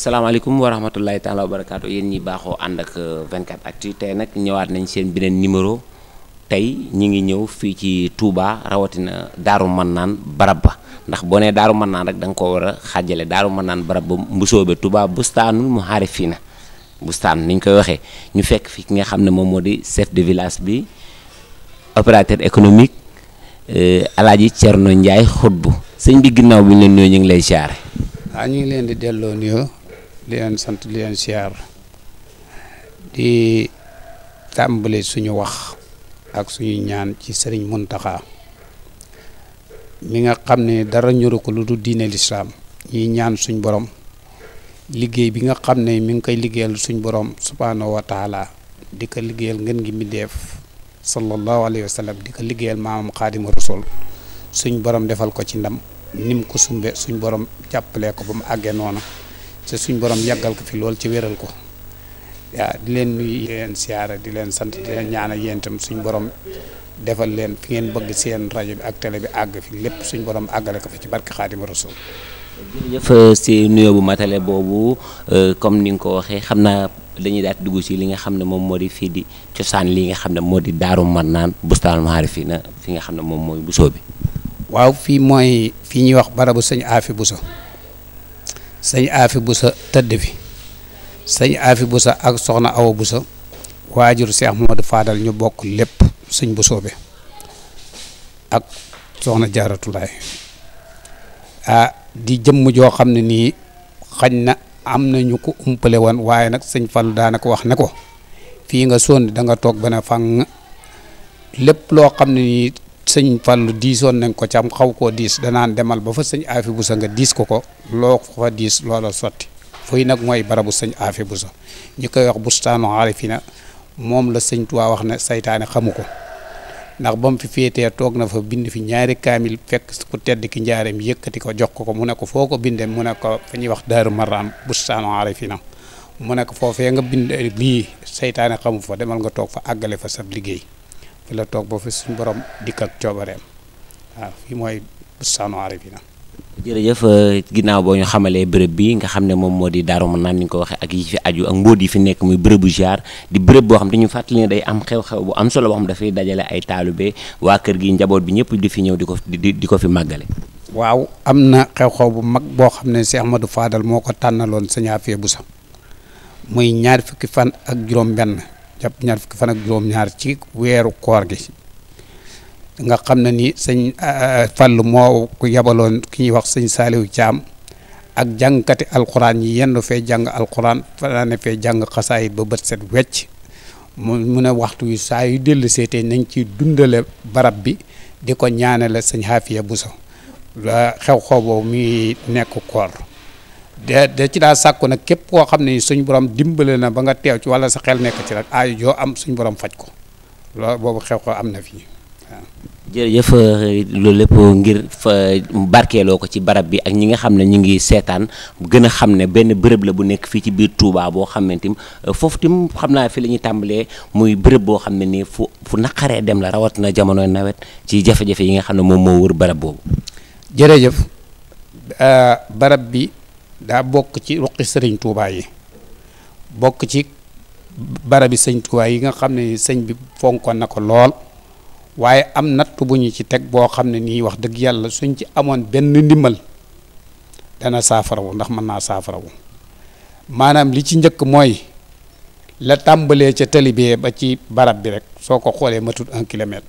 salaamaaleykum wa rahmatullahi taala wa barakaatu yéen ñi baaxoo ànd ak 24 euh, actu tey nag ñëwaat nañ seen beneen numéro tey ñi ngi ñëw fii ci tuubaa rawatina Daaru naan barab ba ndax boo nee Daaru Mannaan rek da nga ko war a xàjjale Daaru Mannaan barab ba mbusoobe Touba bustaanul muhaarifiina bustaan ni ñu koy waxee ñu fekk fi ki nga xam ne moom moo di chef de village bi opérateur économique euh, Alaaji Cerno Njaay Xutbu sëñ bi ginnaaw bi ñu leen nuyoo ñu ngi lay siyaare. Ah, ñu ngi leen di delloo di leen sant di leen siyaar di tàmbali suñu wax ak suñu ñaan ci sëriñ Muntaxa mi nga xam ne dara ñoru ko lu dul diine lislaam ñuy ñaan suñ borom liggéey bi nga xam ne mi ngi koy liggéeyal suñ borom subhaanahu wataala taala di ko liggéeyal ngeen gi mi deef sallallahu alayhi wa sallam di ko liggéeyal maamam xaadimu rasul suñ borom defal ko ci ndam nim ko sumbe suñ borom jàppalee ko ba mu àggee noonu te suñ borom yàggal ko fi loolu ci wéral ko waaw di leen nuyu leen siyaara di leen sant di leen ñaan ak suñ borom defal leen fi ngeen bëgg seen rajo bi ak télé bi àgg fi lépp suñ borom àggale ko fi ci barke Xaadimu Rasuul jërëjëf si nuyoo bu matale boobu euh, comme ni nga ko waxee xam naa dañuy daal dugg si li nga xam ne moom moo di fii di cosaan li nga xam ne moo di daaru man naan bustaanul maarifina fi nga xam ne moom mooy Bousso bi waaw fii mooy fii ñuy wax barabu sëñ Afi Bousso sëñ aafi bu sa tëdd fi aafi bu sa ak soxna awa bu seex waajur Cheikh Modou Fadal ñu bokk lépp sëñ bu soobe ak soxna jaaratulaay ah di jëmm joo xam ne nii xañ na am na ñu ko umpale woon waaye nag sëñ fal daanaka wax ne ko fii nga sonn da toog ba fang lépp loo xam ne nii sëñ Fallou diisoon nañ ko cam xaw koo diis danaan demal ba fa sëñ aafi bu sa nga diis ko ko loo fa diis loola sotti fuy nag mooy barabu sëñ aafi bu sa ñu koy wax bustaanu arifina moom la sëñ waa wax na seytaane xamu ko ndax ba mu fi féetee toog na fa bind fi ñaari kaamil fekk ku tedd ki njaareem yëkkati ko jox ko ko mu ne ko foo ko bindee mu ne ko fa ñuy wax daaru maraam bustaanu arifina mu ne ko foofee nga bind lii saytaane xamu fa demal nga toog fa àggale fa sab liggéey fi la toog ba fi suñu borom dikk ak coobareem waaw fii mooy bustaanu arifina jërëjëf euh, ginnaaw boo ñu xamalee bërëb bi nga xam ne moom moo di daaru mën naan ni ko waxee ak yi fi aju ak mbóot yi fi nekk muy bërëbu ziar di bërëb boo xam te ñu fàttali ne day am xew-xew bu am solo boo xam dafay dajale ay taalibe waa kër gi njaboot bi ñëpp di fi ñëw di ko di ko fi màggale waaw am na xew-xew bu mag boo xam ne Cheikh Ahmadou Fadal moo ko tànnaloon Sëñ Afia Bousso muy ñaar fukki fan ak juróom benn jàpp ñaar fan ak juróom-ñaar ci weeru koor gi nga xam na ni sëñ Fàllu moo ku yabaloon ki ñuy wax sëñ Saaliw Caam ak jàngkati alxuraan yi yenn fee jàng alxuraan fanaane fee jàng xasaay ba bët set wecc mu mu ne waxtu yu saa yu dellu seetee nañ ci dundale barab bi di ko ñaanale sëñ Xaafiya Buso xew xew boobu muy nekk koor de de ci daa sàkku nag képp koo xam ne suñ boroom dimbale na ba nga teew ci wala sa xel nekk ci rek aay joo am suñ boroom faj ko loolu boobu xew ko am na fii waaw. jërëjëf euh, loolu lépp ngir fa ko ci barab bi ak ñi nga xam ne ñu ngi seetaan gën a xam ne benn bërëb la bu nekk fii ci biir Touba boo xamante ni euh, foofu tim xam naa fi la ñuy tàmbalee muy bërëb boo xam ne nii fu fu naqaree dem la rawatina jamonoy nawet ci jafe-jafe xam ne moom moo wër barab boobu. Euh, barab bi. daa bokk ci ruqi sëriñ Touba yi bokk ci barabi sëñ Touba yi nga xam ne sëñ bi fonkoon na ko lool waaye am natt bu ñu ci teg boo xam ne nii wax dëgg yàlla suñ ci amoon benn ndimbal dana saafarawu ndax mën naa saafara wu maanaam li ci njëkk mooy la tàmbalee ca talibee ba ci barab bi rek soo ko xoolee matut en kilomètre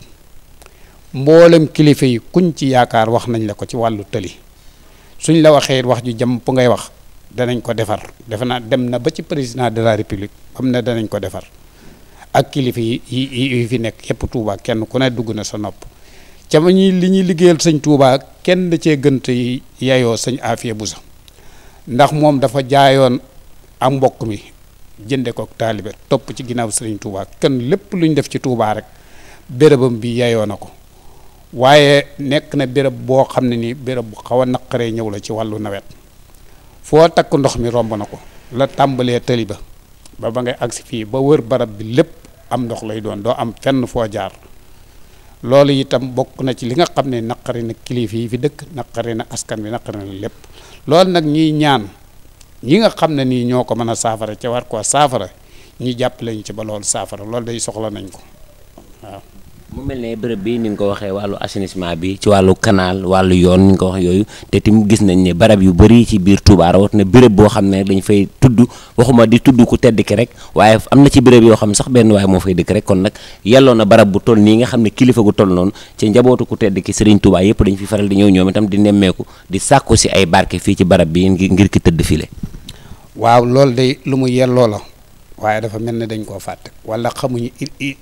mboolem kilifa yi kuñ ci yaakaar wax nañ la ko ci wàllu tëli suñ la waxee wax ju jëm pu ngay wax danañ ko defar defe naa dem na ba ci président de la république am na danañ ko defar ak kilifa yi yi fi nekk yëpp Touba kenn ku ne dugg na sa nopp ca ma li ñuy liggéeyal sëñ Touba kenn da cee gënt yi yayoo sëñ Afia Bousso ndax moom dafa jaayoon am mbokk mi jënde ko taalibe topp ci ginnaaw sëriñ Touba kenn lépp lu ñu def ci Touba rek bérébam bi yayoo na ko waaye nekk na béréb boo xam ne nii béréb bu xaw a naqaree ñëw la ci wàllu nawet foo takk ndox mi romb na ko la tàmbalee tëli ba ba ba ngay agsi fii ba wër barab bi lépp am ndox lay doon doo am fenn foo jaar loolu itam bokk na ci li nga xam ne naqari na kilifa yi fi dëkk naqari na askan bi naqari na lépp loolu nag ñuy ñaan ñi nga xam ne nii ñoo ko mën a saafara ca war koo saafara ñu jàpp ñu ci ba loolu saafara loolu day soxla nañ ko waaw mu mel ne bërëb bi ni nga ko waxee wàllu assainissement bi ci wàllu canal wàllu yoon ni nga ko wax yooyu te tim gis nañ ne barab yu bëri ci biir Touba rawat na bërëb boo xam ne dañ fay tudd waxuma di tudd ku tedd ki rek waaye am na ci bërëb yoo xam ne sax benn waaye moo fay dëkk rek kon nag yelloo na barab bu toll nii nga xam ne kilifa gu toll noonu ci njabootu ku tedd ki Serigne Touba yëpp dañ fi faral di ñëw ñoom itam di nemmeeku di sàkku si ay barke fii ci barab bi ngir ki tëdd file waaw loolu day lu mu yelloo la waaye dafa mel ne dañ koo fàtte wala xamuñu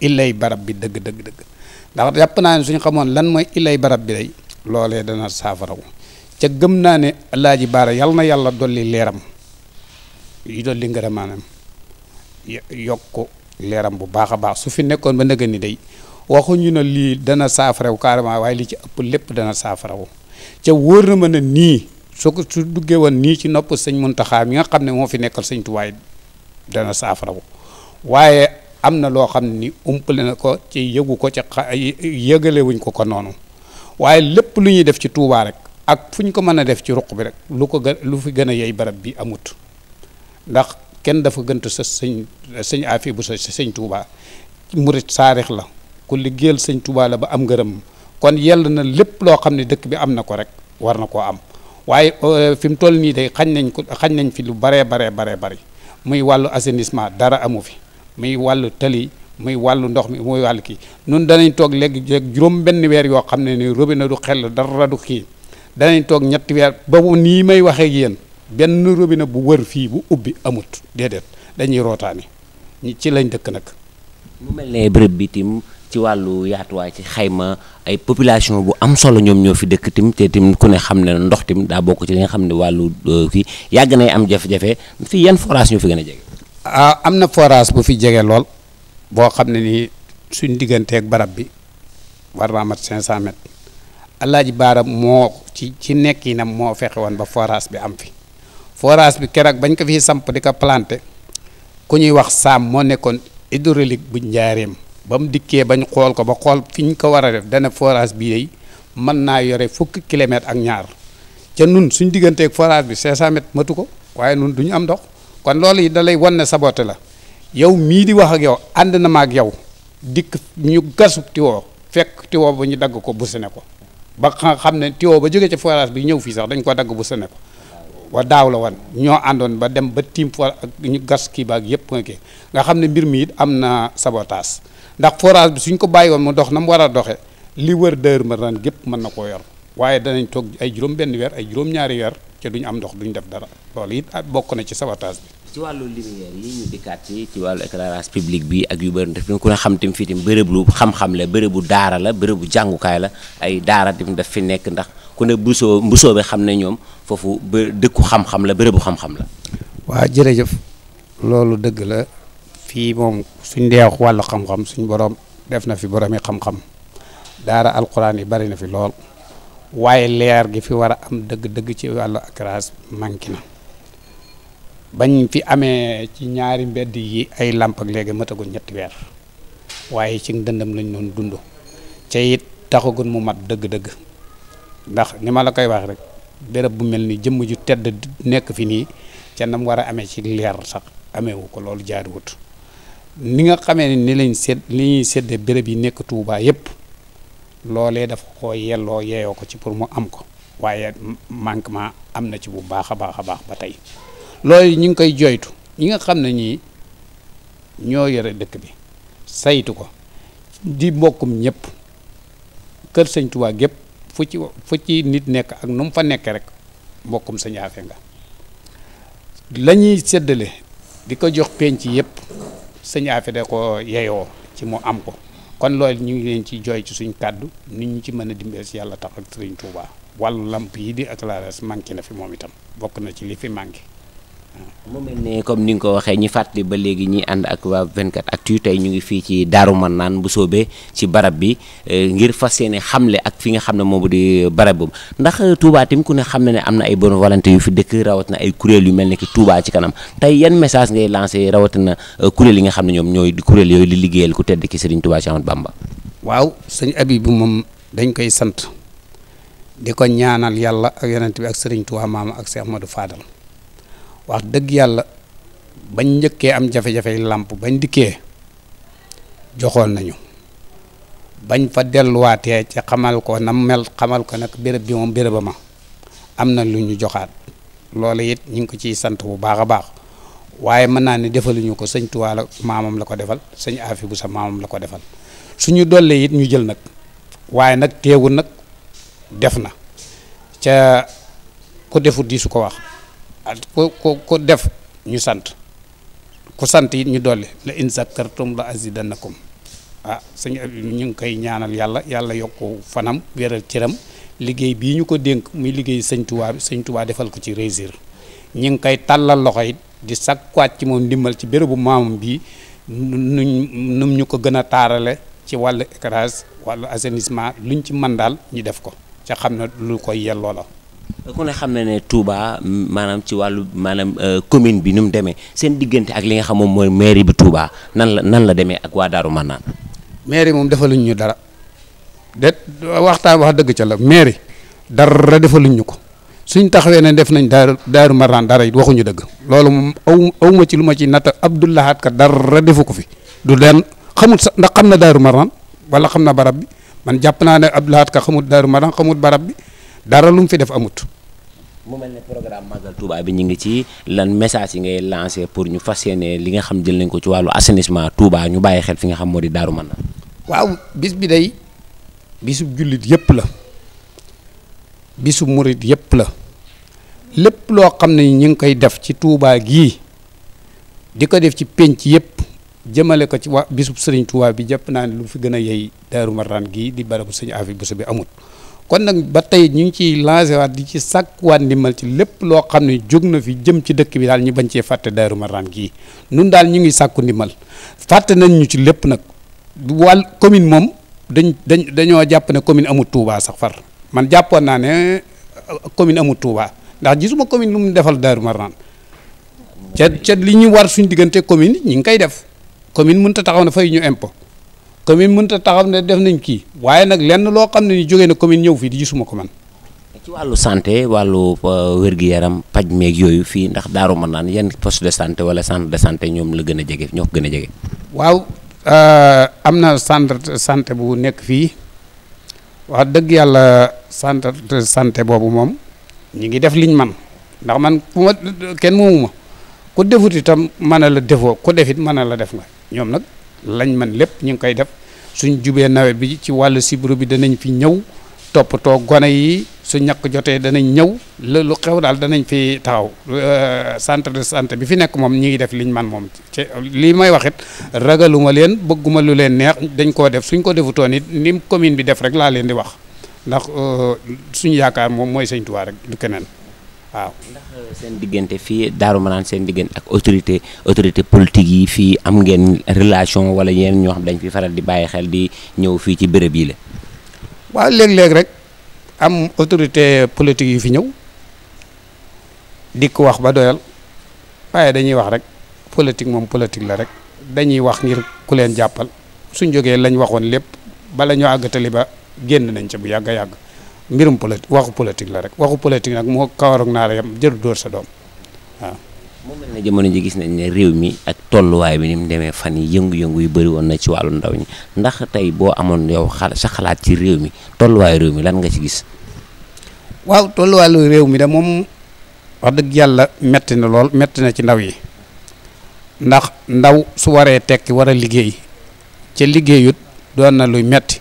illay barab bi dëgg dëgg ndax yàpp naa ne suñ xamoon lan mooy ilay barab bi day loolee dana saafaraw ca gëm naa ne alaaji baara yal na yàlla dolli leeram yi dolli ngërëm maanaam yokk leeram bu baax a baax su fi nekkoon ba nëgë ni day waxuñu na lii dana saafarawu carrément waaye li ci ëpp lépp dana saafaraw ca wóor na ma ne nii su ko duggee woon nii ci nopp sëñ mun Muntaxa yi nga xam ne moo fi nekkal sëñ Tuubaa dana saafaraw waaye am na loo xam ni umpale na ko ci yëgu ko ci yëgalewuñ ko ko noonu waaye lépp lu ñuy def ci tuubaa rek ak fu ñu ko mën a def ci ruq bi rek lu ko gë lu fi gën a yey barab bi amut ndax kenn dafa gënt sa sëñ sëñ afi bu sa sëñ Touba murit saarix la ku liggéeyal sëñ Touba la ba am ngërëm kon yell na lépp loo xam ne dëkk bi am na ko rek war na koo am waaye euh, fi mu toll nii day xañ nañ ko xañ nañ fi lu baree baree baree bari muy wàllu assainissement dara amu fi muy wàllu tali muy wàllu ndox mi muy wàllu kii nun danañ toog léegi jéeg juróom benn weer yoo xam ne nii robina du xel dara du kii danañ toog ñetti weer ba nii may waxee ak yéen benn robinet bu wër fii bu ubbi amut déedéet dañuy rootaani ci lañ dëkk nag. mu mel ne bërëb bii tim ci wàllu yaatuwaay ci xayma ay population bu am solo ñoom ñoo fi dëkk tim te tim ku ne xam ne ndox tim daa bokk ci li nga xam ne wàllu euh, kii yàgg nay am jafe-jafe fii yan forage ñoo fi a jege. ah am na forage bu fi jege lool boo xam ne nii suñ digganteeg barab bi war naa mat 500 mètres alaaji baara moo ci ci nekkinam moo fexe woon ba forage bi am fi forage bi keroog bañ ko fiy samp di ko planté ku ñuy wax saam moo nekkoon hydraulique bu njaareem ba mu dikkee bañ xool ko ba xool fi ko war a def dana forage bi yey mën naa yore fukki kilomètres ak ñaar ca nun suñ digganteeg forage bi 500 mètres matu ko waaye nun du am dox kon loolu yi da lay wan ne saboté la yow mii di wax ak yow ànd na ma ak yow dikk ñu gasub tiwoo fekk tiwoo ba ñu dagg ko bu sene ko ba xam ne tiwoo ba jógee ci forage bi ñëw fii sax dañ ko dagg bu sene ko wa daaw la wan ñoo àndoon ba dem ba tiim for ak ñu gas kii baak yëpp nga nga xam ne mbir mi it am na sabotage ndax forage bi suñ ko bàyyi woon mu dox na mu war a doxe li wër dër ma ran gépp mën na koo yor waaye danañ toog ay juróom benn weer ay juróom-ñaari weer ca duñ am ndox duñ def dara loolu it ah, bokk na ci sabotage bi. ci wàllu lumière yi ñu dikkaat ci ci wàllu éclairage public bi ak yu bëri def ñu ko xam tamit fii tamit bërëb lu xam-xam la bërëbu daara la bërëbu jàngukaay la ay daara tamit daf fi nekk ndax ku ne mbusoo mbusoo bi xam ne ñoom foofu dëkku xam la bërëbu xam-xam la. waa jërëjëf loolu dëgg la fii moom suñ dee wax wàllu xam-xam def na fi boromi xam-xam daara alquran yi bari na fi lool. waaye leer gi fi war a am dëgg-dëgg ci wàllu agrace manqué na bañ fi amee ci ñaari mbedd yi ay làmp ak léegi matagul ñetti weer waaye ci dëndam lañ doon dund ca it taxagun mu mat dëgg-dëgg ndax ni ma la koy wax rek béréb bu mel ni jëmm ju tedd nekk fi nii ca nam war a amee ci leer sax ameewu ko loolu jaaruwut ni nga xamee ni lañ sedd li ñuy sedde béréb yi nekk Touba yépp loolee dafa ko yelloo yeyoo ko ci pour mu am ko waaye manquement am na ci bu baax a baax a baax ba tey loolu ñu ngi koy jooytu ñi nga xam ne ñii ñoo yore dëkk bi saytu ko di mbokkum ñëpp kër sëñ Tuubaa gépp fu ci ci nit nekk ak nu mu fa nekkee rek mbokkum sëñ Afe nga lañuy ñuy séddale di ko jox penc yëpp sëñ Afe da ko yeyoo ci mu am ko kon loolu ñu ngi leen ci jooy ci suñ kàddu nit ñu ci mën a dimbee si yàlla tax ak sëriñ Touba wàllu làmp yi di éclairage manqué na fi moom itam bokk na ci li fi manqué mu mel ne comme ni nga ko waxee ñi fàttali ba léegi ñi ànd ak waa 24 actu tey ñu ngi fii ci Daaru Marnaan bu soobee ci barab bi eh, ngir fas yéene xamle ak fi nga xam ne moom di barab boobu ndax eh, Touba tamit ku ne xam na ne am na ay bonne volonté yu fi dëkk rawat na ay kuréel yu mel ne ki Touba ci kanam tey yan message ngay lancé rawatina eh, kuréel yi nga xam ne ñoom ñooy kuréel yooyu li liggéeyal ku tedd ki Serigne Touba Cheikh Ahmadou Bamba. waaw sëñ moom dañ koy sant di ko ñaanal yàlla ak yonent bi ak Serigne Touba maama ak Cheikh Ahmadou Fadal. wax dëgg yàlla bañ njëkkee am jafe-jafe làmp bañ dikkee joxoon nañu bañ fa delluwaatee ci xamal ko na mel xamal ko nag béréb bi moom béréba am na lu ñu joxaat loolu it ñu ngi ko ciy sant bu baax a baax waaye mën naa ne defaluñu ko sëñ Tuubaa la maamam la ko defal sëñ Afi bu sa maamam la ko defal suñu dollee it ñu jël nag waaye nag teewul nag def na ca ku defut di su ko wax ko ko ko def ñu sant ku sant it ñu dolli la in zakartum la azidannakum ah suñu ñu ngi koy ñaanal yàlla yàlla yokk fanam wéral cëram liggéey bii ñu ko dénk muy liggéey sëñ Tuubaa bi sëñ Tuubaa defal ko ci réussir ñu ngi koy tàllal loxo it di sakkuwaat ci moom ndimbal ci bérébu maamam bii nu ñu ko gën a taarale ci wàll écrage wàllu assainissement luñ ci mën daal ñu def ko ca xam na lu koy yelloo la ku ne xam na ne Touba maanaam ci wàllu maanaam euh, commune bi nu mu demee seen diggante ak li nga xam moom mooy mairie bi Touba nan la nan la demee ak waa Daaru Mannaan mairie moom defaluñ ñu dara déet waxtaan wax dëgg ca la mairie dara defaluñ ñu ko suñ taxawee ne def nañ daaru Daaru Mannaan dara it waxuñu dëgg loolu moom aw aw ma ci lu ma ci natta Abdoulahat ka dara defu ko fi du leen xamul sax ndax xam na Daaru Mannaan wala xam na barab bi man jàpp naa ne Abdoulahat ka xamul Daaru Mannaan xamul barab bi dara lu mu fi def amut. mu mel ne programme Magal Touba bi ñu ngi ci lan message yi ngay lancé pour ñu fas yéene li nga xam jël nañ ko ci wàllu assainissement Touba ñu bàyyi xel fi nga xam moo di Daaru Manaan waaw bis bi day bisub jullit yëpp la bisub murit yëpp la lépp loo xam ne ñu ngi koy def ci Touba gii di ko def ci penc yëpp jëmale ko ci wa bisub sëriñ Touba bi jëpp naa ne lu fi gën a yey Daaru Manaan gii di barabu sëñ Afi Bousso bi amut kon nag ba tey ñu ngi ciy lancé waat di ci sàkkuwaat ndimbal ci lépp loo xam ne jóg na fi jëm ci dëkk bi daal ñu bañ cee fàtte Daaru Marnaan gii nun daal ñu ngi sàkku ndimbal fàtte nañ ñu ci lépp nag wal commune moom dañ dañ dañoo jàpp ne commune amul Touba sax far man jàppoon naa ne euh, commune amul Touba ndax gisuma commune lu mu defal Daaru Marnaan ca ca li ñu war suñ diggante commune ñu ngi koy def commune mënut a taxaw na fay ñu impôt commune mënut a taxaw ne def nañ kii waaye nag lenn loo xam ne ni jógee na commune ñëw fii di suma ko man. ci wàllu santé wàllu euh, wér-gu-yaram paj meeg yooyu fii ndax daaru mën naan yan poste de santé wala centre de santé ñoom la gën a jege ñoo gën a jege. waaw euh, am na centre de santé bu nekk fii wax dëgg yàlla centre de santé boobu moom ñu ngi def liñ man ndax man ku ma kenn moomu ku defut itam mën a la defoo ku defit mën a la def nga ñoom nag. lañ man lépp ñu ngi koy def suñ jubee nawet bi ci wàll sibro bi danañ fi ñëw toppatoo gone yi su ñàkk jotee danañ ñëw lu lu xew daal danañ fi taxaw euh, centre de santé bi fi nekk moom ñu ngi def liñ man moom ci lii may waxit ragaluma leen bëgguma lu leen neex dañ koo def suñ ko defutoon it ni commune bi def rek laa leen di wax ndax euh, suñu yaakaar moom mooy Sëñ Tuubaa rek du keneen waaw ndax euh, seen diggante fii Daaru Manaan seen diggante ak autorité autorité politique yi fii am ngeen relation wala yeen ñoo xam dañ fi faral di bàyyi xel di ñëw fii ci bërëb yi la. waa léeg-léeg rek am autorité politique yi fi ñëw dikk wax ba doyal waaye dañuy wax rek politique moom politique la rek dañuy wax ngir ku leen jàppal suñ jógee lañ waxoon lépp bala ñu àggatali ba génn nañ ca bu yàgg a yàgg. mbirum politique waxu politique la rek waxu politique nag moo kawaroog naa la yam jëru dóor sa doom waaw. mu mel ne jamono ji gis nañ ne réew mi ak tolluwaay bi ni mu demee fan yëngu-yëngu yu bëri woon na ci wàllu ndaw ñi ndax tey boo amoon yow xal sa xalaat ci réew mi tolluwaayu réew mi lan nga ci gis. waaw tolluwaayu réew mi da moom wax dëgg yàlla metti na lool metti na ci ndaw yi ndax ndaw su waree tekki war a liggéey ca liggéeyut doon na luy metti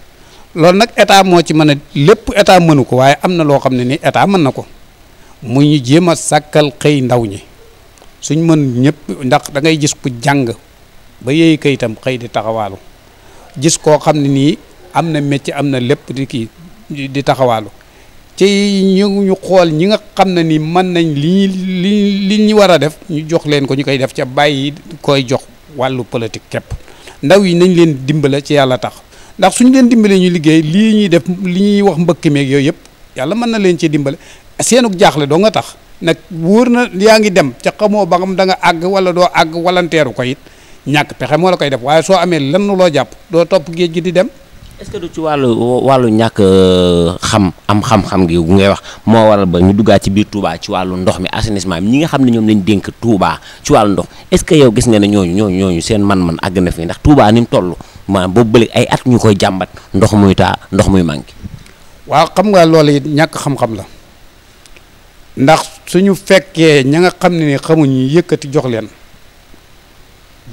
loolu nag état moo ci mën a lépp état mënu ko waaye am na loo xam ne ni état mën na ko mu ñu jéem a sàkkal xëy ndaw ñi suñ mën ñëpp ndax dangay ngay gis ku jàng ba yeey kayitam xëy di taxawaalu gis koo xam ne nii am na métier am na lépp di kii di taxawaalu ci ñu xool ñi nga xam ne ni mën nañ li li li ñu war a def ñu jox leen ko ñu koy def ca bàyyi koy jox wàllu politique képp ndaw yi nañ leen dimbale ci yàlla tax ndax suñu leen dimbalee ñu liggéey lii ñuy def li ñuy wax mbëkk meek yooyu yëpp yàlla mën na leen cee dimbale seenu jaaxle doo nga tax nag wóor na yaa ngi dem ca xamoo ba xam da nga àgg wala doo àgg walanteeru ko it ñàkk pexe moo la koy def waaye soo amee lenn loo jàpp doo topp géej gi di dem est que du ci wàllu wàllu ñàkk euh, xam am xam-xam gi bu ngay wax moo waral ba ñu duggaat ci biir Touba ci wàllu ndox mi assainissement bi ñi nga xam ne ñoom lañ dénk Touba ci wàllu ndox est-ce que yow gis nga ne ñooñu ñooñu ñooñu seen man-man àgg na fi ndax Touba ni mu toll maanaam boobu bële ay at ñu koy jàmbat ndox muy taa ndox muy manqué. waaw xam nga loolu it ñàkk xam-xam la ndax suñu fekkee ña nga xam ne ni xamuñ yëkkati jox leen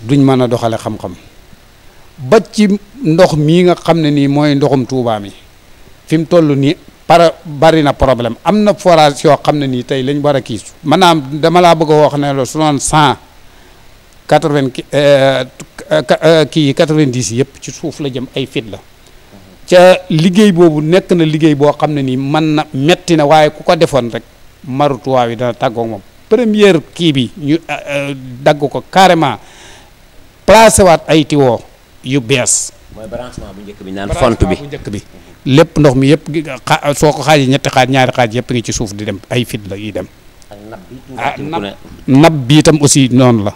duñ mën a doxale xam-xam ba ci ndox mii nga xam ne nii mooy ndoxum Tuubaa mi fi mu toll nii para bari na problème am na forage yoo xam ne nii tey lañ war a kiisu maanaam dama laa bëgg a wax ne la su doon cent quatre-vingt euh, Euh, euh, kii 90 yëpp ci suuf la jëm ay fit la ca liggéey boobu nekk na liggéey boo xam ne nii man na metti na waaye ku ko defoon rek marutuwaa yi dana tàggoog moom première kii bi ñu euh, dagg ko carrément placé waat ay tiwoo yu bees mooy branchement bu njëkk bi font bi lépp ndox mi yëpp soo ko xaajee ñetti xaaj ñaari xaaj yëpp ngi ci suuf di dem ay fit la yi dem nab ah, bi itam aussi noonu la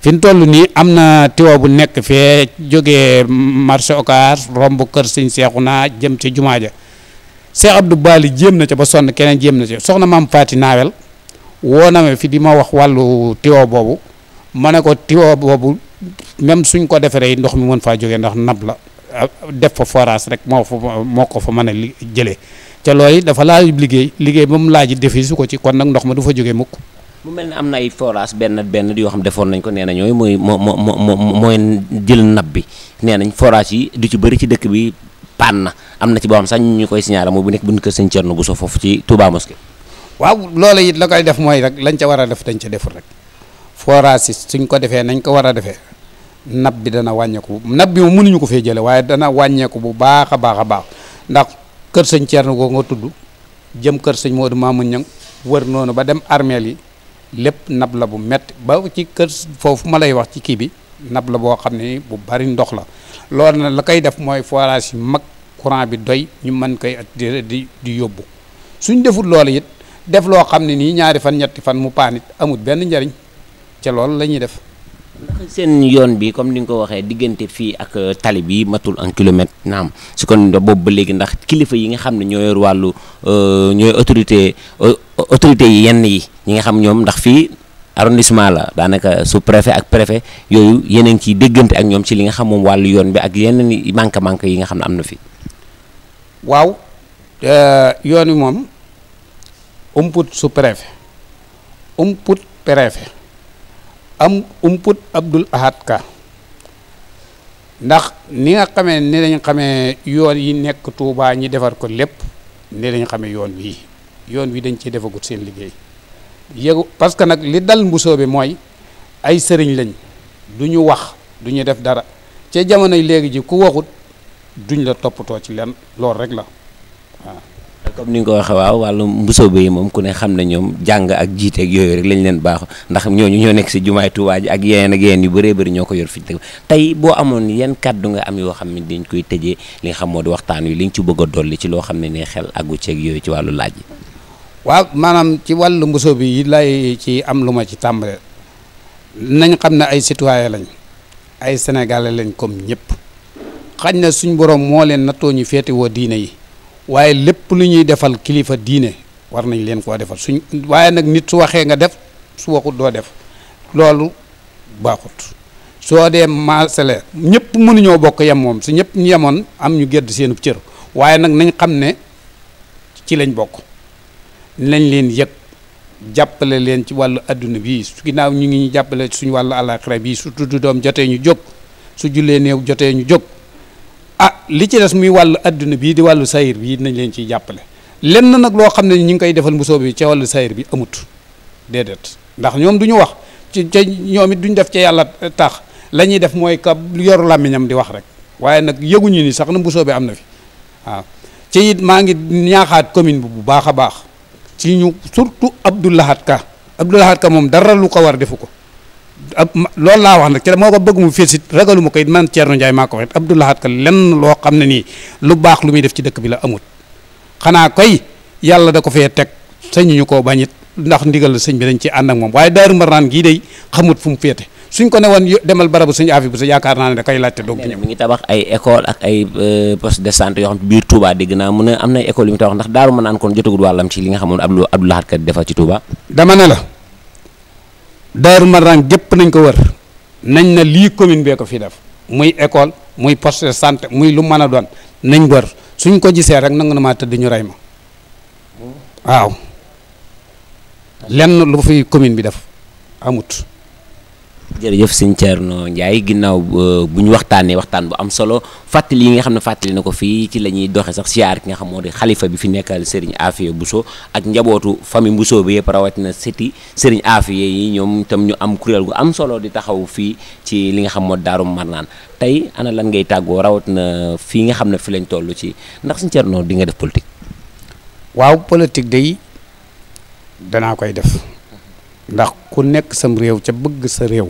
fi mu nii am na tiwo bu nekk fee jógee marché Ocass romb kër sëñ naa jëm ci jumaa ja Cheikh du baali jéem na ca ba sonn keneen jéem na ca soxna maam Faati Naawel woo na ma fi di ma wax wàllu tiwo boobu ma ne ko tiwo boobu même suñ ko defaree ndox mi mën faa jógee ndax nab la def fa forage rek moo fa moo ko fa mën a jëlee ca looy dafa laaj liggéey liggéey moom mu laaj defi su ko ci kon nag ndox ma du fa jógee mukk mu mel ne am na ay forage benn benn yoo xam defoon nañ ko nee na ñooy mooy moo moo moo mooy jël nab bi nee nañ forage yi du ci bëri ci dëkk bi paan na am na ci boo xam sax ñu koy signaler moo bu nekk buñ ko sëñ Thierno Bousso foofu ci Touba Mosquée. waaw loola it la koy def mooy rek lañ ca war a def dañ ca deful rek forage yi suñ ko defee nañ ko war a defee nab dana wàññeeku nab bi moom ko fee jële waaye dana wàññeeku bu baax a baax a baax ndax kër sëñ Thierno googu nga tudd jëm kër sëñ Modou Mamoun Niang wër noonu ba dem armeel yi lépp nab la bu metti ba ci kër foofu ma lay wax ci kii bi nab la boo xam ne bu bari ndox la lool na la koy def mooy forage yi mag courant bi doy ñu mën koy at di di yóbbu suñ deful loolu it def loo xam ne nii ñaari fan ñetti fan mu paanit amut benn njariñ ca loolu la ñuy def ndax seen yoon bi comme ni nga ko waxee diggante fii ak euh, tali bi matul en kilomètre naam su kon boobu ba léegi ndax kilifa yi nga xam ne ñoo yor wàllu euh, ñooy autorité euh, autorité yi yenn yi ñi nga xam ñoom ndax fii arrondissement la daanaka su préfet ak préfet yooyu yeneen ciy déggante ak ñoom ci li nga xam moom wàllu yoon bi ak yeneen manque manque yi nga xam ne am na fi waaw yoon wi moom umput sous préfet umput préfet am umput Abdul Ahad Ka ndax ni nga xamee ni lañ xamee yoon yi nekk Touba ñi defar ko lépp ni dañ xame yoon wi yoon wi dañ ciy defagut seen liggéey yëgu parce que nag li dal mbusoo bi mooy ay sëriñ lañ du ñu wax du ñu def dara ca jamonoy léegi ji ku waxut duñ la toppatoo ci leen loolu rek la waaw comme ni nga ko waxee waaw wàllu mbusoo yi moom ku ne xam na ñoom jàng ak jiite yooyu rek lañ leen baax ndax ñooñu ñoo nekk si jumaay Tuubaa ji ak yeneen ak yeneen yu bëree bëri ñoo ko yor fi tey boo amoon yan kàddu nga am yoo xam ne dañ koy tëjee li nga xam moo waxtaan wi li nga ci bëgg a ci loo xam ne ne xel àggu ceeg yooyu ci wàllu laaj maanaam ci wàllu mbusoo bi lay ci am lu ma ci tàmbale nañ xam ne ay citoyen lañ ay sénégalais lañ comme ñëpp xañ na suñ borom moo leen nattoo ñu féete woo diine yi waaye lépp lu ñuy defal kilifa diine war nañ leen koo defal suñ waaye nag nit su waxee nga def su waxut doo def loolu baaxut soo dee maasale ñëpp mënuñoo bokk yem moom su ñëpp yemoon am ñu gedd seenu cër waaye nag nañ xam ne ci lañ bokk nañ leen yëg jàppale leen ci wàllu adduna bii su ginnaaw ñu ngi ñu jàppale suñu wàllu àllaaxira bii su tudd doom jotee ñu jóg su jullee néew jotee ñu jóg ah li ci des muy wàll adduna bii di wàllu sayir bi nañ leen ciy jàppale lenn nag loo xam ne ñu ngi koy defal mbusoo bi ca wàllu sayir bi amut déedéet ndax ñoom du wax ci ca ñoom it duñ def ca yàlla tax la ñuy def mooy ka yoru làmmiñam di wax rek waaye nag yëguñu ni sax na mbusoo bi am na fi waaw ci it maa ngi ñaaxaat commune bi bu baax a baax ci ñu surtout Abdoulahat Ka Abdoulahat Ka moom dara lu ko war defu ko ab loolu laa wax nag ci moo ko bëgg mu féesit ragalu ma ko it man Thierno maa ko wax it lenn loo xam ne nii lu baax lu muy def ci dëkk bi la amut xanaa koy yàlla da ko fee teg sañuñu koo bañit ndax ndigal sëñ bi dañ ci ànd ak moom waaye daaru Marnaan gii day xamut fu mu féete suñ ko ne woon demal barabu sëñ Afi bu sa yaakaar naa ne da koy laajte donc mi ngi tabax ay école ak ay euh, poste de santé yoo xam biir na ay école yu mu tabax ndax daaru Marnaan ci li nga xamoon Abdou Lahad Ka defar ci Touba Daaru Marnaan gépp nañ ko wër nañ na lii commune bee ko fi def muy école muy poste de santé muy lu mën a doon nañ wër suñ ko gisee rek nangu na maa tëdd ñu rey ma waaw lenn lu fi commune bi def amut jërëjëf sëñ Thierno Ndiaye ginnaaw euh, bu ñu waxtaanee waxtaan bu am solo fàttali yi nga xam ne fàttali na ko fii ci la ñuy doxee sax siyaar ki nga xam moo di xalifa bi fi nekkal Serigne Afia Bousso ak njabootu famille Bousso bi yëpp rawatina sëti Serigne Afia yi ñoom itam ñu am kuréel gu am solo di taxaw fii ci li nga xam moo Daaru Marnaan tey ana lan ngay tàggoo rawatina fii nga xam ne fi lañ toll ci ndax sëñ Thierno di nga def politique. waaw politique day danaa koy def. Mm-hmm. ndax ku nekk sam réew ca bëgg sa réew.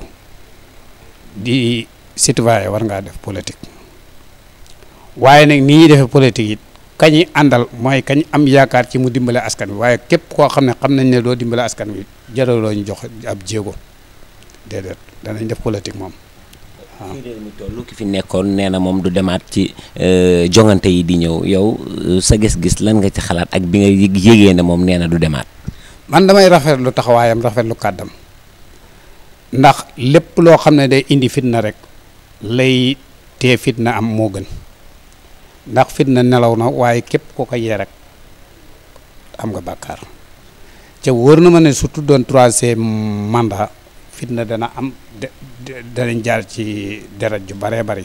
di citoyen war ngaa def politique waaye nag ni ñuy defee politique it kañi àndal mooy kañ am yaakaar ci mu dimbale askan wi waaye képp koo xam ne xam nañ ne doo dimbale askan wi jaraloo ñu jox ab jéego déedéet danañ def politique moom. waaw mu toll ki fi nekkoon nee na moom du demaat ci euh, jongante yi di ñëw yow euh, sa gis-gis lan nga ci xalaat ak bi nga yëgee ne moom nee na du demaat. man damay rafet rafetlu taxawaayam lu kàddam. ndax lépp loo xam ne day indi fitna rek lay tee fitna am moo gën ndax fitna nelaw na waaye képp ko ko yee rek am nga bàkkaar ca wóor na ma ne su tuddoon troisième mandat fitna dana am danañ jaar ci deret ju baree bari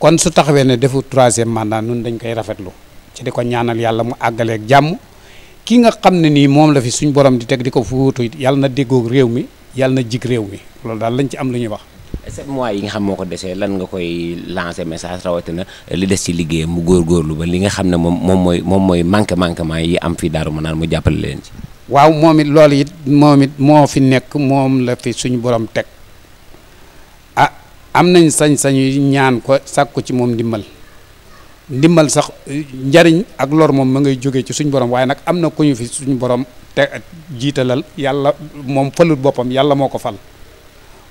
kon su taxawee ne defu troisième mandat nun dañ koy rafetlu ci di ko ñaanal yàlla mu àggaleek jàmm kii nga xam ne nii moom la fi suñ borom di teg di ko fuutu yàlla na déggoog réew mi yàlla na jig réew mi loolu daal lañ ci am lu ñuy wax. sept mois yi nga xam moo ko desee lan nga koy lancer message rawatina li des ci liggéeyam mu góorgóorlu ba li nga xam ne moom moom mooy moom mooy manque manquement yi am fii Daaru Manaan mu jàppale leen ci. waaw moom it loolu it moom it moo fi nekk moom la fi suñu borom teg a ah, am nañ sañ-sañu ñaan ko ko ci moom ndimbal ndimbal sax njariñ ak lor moom ma ngay jógee ci suñu borom waaye nag am na ku suñu borom. te jiitalal yàlla moom falut boppam yàlla moo ko fal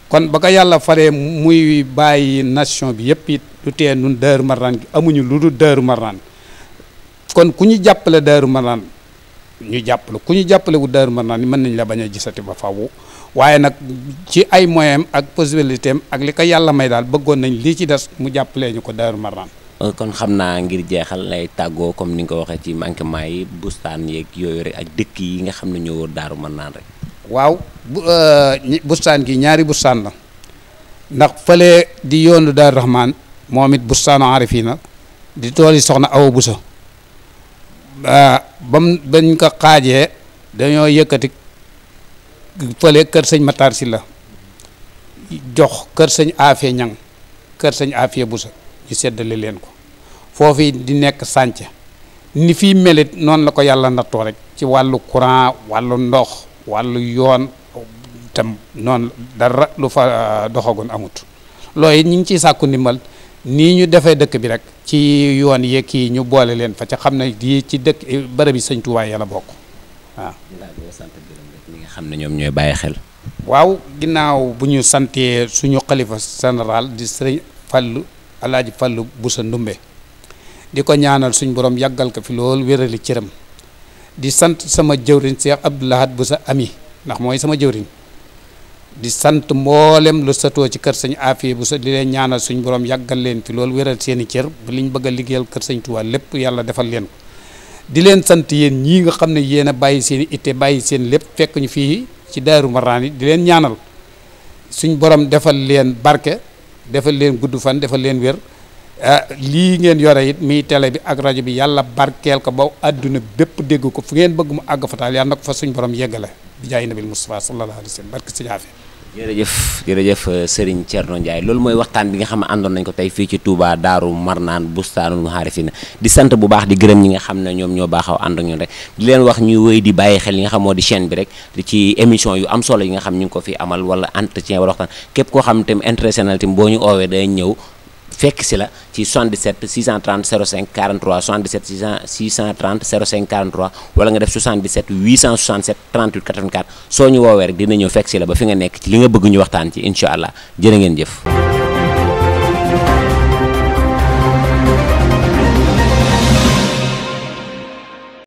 kon ba ko yàlla falee muy bàyyi nation bi yëpp it lu tee nun Daaru Marnaan gi amuñu lu dul Daaru Marnaan kon ku ñu jàppale Daaru Marnaan ñu jàppale ku ñu jàppale wu Daaru Marnaan mën nañ la bañ a gisati ba faww waaye nag ci ay moyen ak possibilité ak li ko yàlla may daal bëggoon nañ lii ci des mu jàppalee ñu ko Daaru Marnaan Euh, kon xam naa ngir jeexal lay tàggoo comme ni nga ko waxee ci manquement yi bustaan yeeg yooyu rek ak dëkk yi nga xam ne ñoo wër daaru mën naan rek waaw bu euh, bustaan gi ñaari bustaan la ndax fële di yoonu Daaru Rahman moom it bustaanu arifina di tool yi soxna Awa Busa bam bañ ko xaajee dañoo yëkkati fële kër sëñ Matar si la jox kër sëñ Afee Ñang kër sëñ Afee Busa ñu seddale leen ko foofu di nekk sànc ni fii melit noonu la ko yàlla nattoo rek ci wàllu courant wàllu ndox wàllu yoon tam noonu dara lu fa euh, doxagoon amut loolu ñu ngi ciy sàkku ndimbal nii ñu defee dëkk bi rek ci yoon yeeg kii ñu boole leen fa ca xam na di ci dëkk bërëb yi sëñ Tuubaa yàlla bokk waaw. nga xam ne ñoom ñooy bàyyi xel. waaw ginnaaw bu ñu santee suñu xalifa général di sëriñ Fallu Alaaji Fallu Busa Ndumbe di ko ñaanal suñ borom yàggal ko fi lool wérali cëram di sant sama jëwriñ Cheikh Abdoulahat bu sa ami ndax mooy sama jëwriñ di sant mboolem lu satoo ci kër sañ Afia bu sa di leen ñaanal suñ borom yàggal leen fi lool wéral seen i cër ba bëgg a liggéeyal kër sëñ lépp yàlla defal leen di leen sant yéen ñii nga xam ne yéen a bàyyi seen i bàyyi seen lépp fekk fii ci Daaru Marnaan di leen ñaanal suñ borom defal leen barke defal leen gudd fan defal leen wér Ah, lii ngeen yore it muy télé bi ak rajo bi yàlla barkeel ko ba àdduna bépp dégg ko fu ngeen bëgg mu àgg fa taal yàlla na ko fa suñ borom yeggale bi jaay nabil Moustapha sallallahu alayhi wa sallam barke si jaafe jërëjëf jërëjëf euh, Serigne Thierno Ndiaye loolu mooy waxtaan bi nga xam ne àndoon nañ ko tey fii ci Touba Daaru Marnaan Bustaanul Muharifina di sant bu baax di gërëm ñi nga xam ne ñoom ñoo baaxaw ànd ak ñun rek di leen wax ñuy wéy di bàyyi xel yi nga xamoo moo di chaîne bi rek di ci émission yu am solo yi nga xam ñu ngi ko fi amal wala entretien wala waxtaan képp ko xam ne tam intéressé boo ñu oowee day ñëw fekk si la ci 77 630 05 43 77 630 05 43 wala nga def 77 867 38 84 soo ñu woowee rek dina ñëw fekk si la ba fi nga nekk ci li nga bëgg ñu waxtaan ci incha allah jërë ngeen jëf.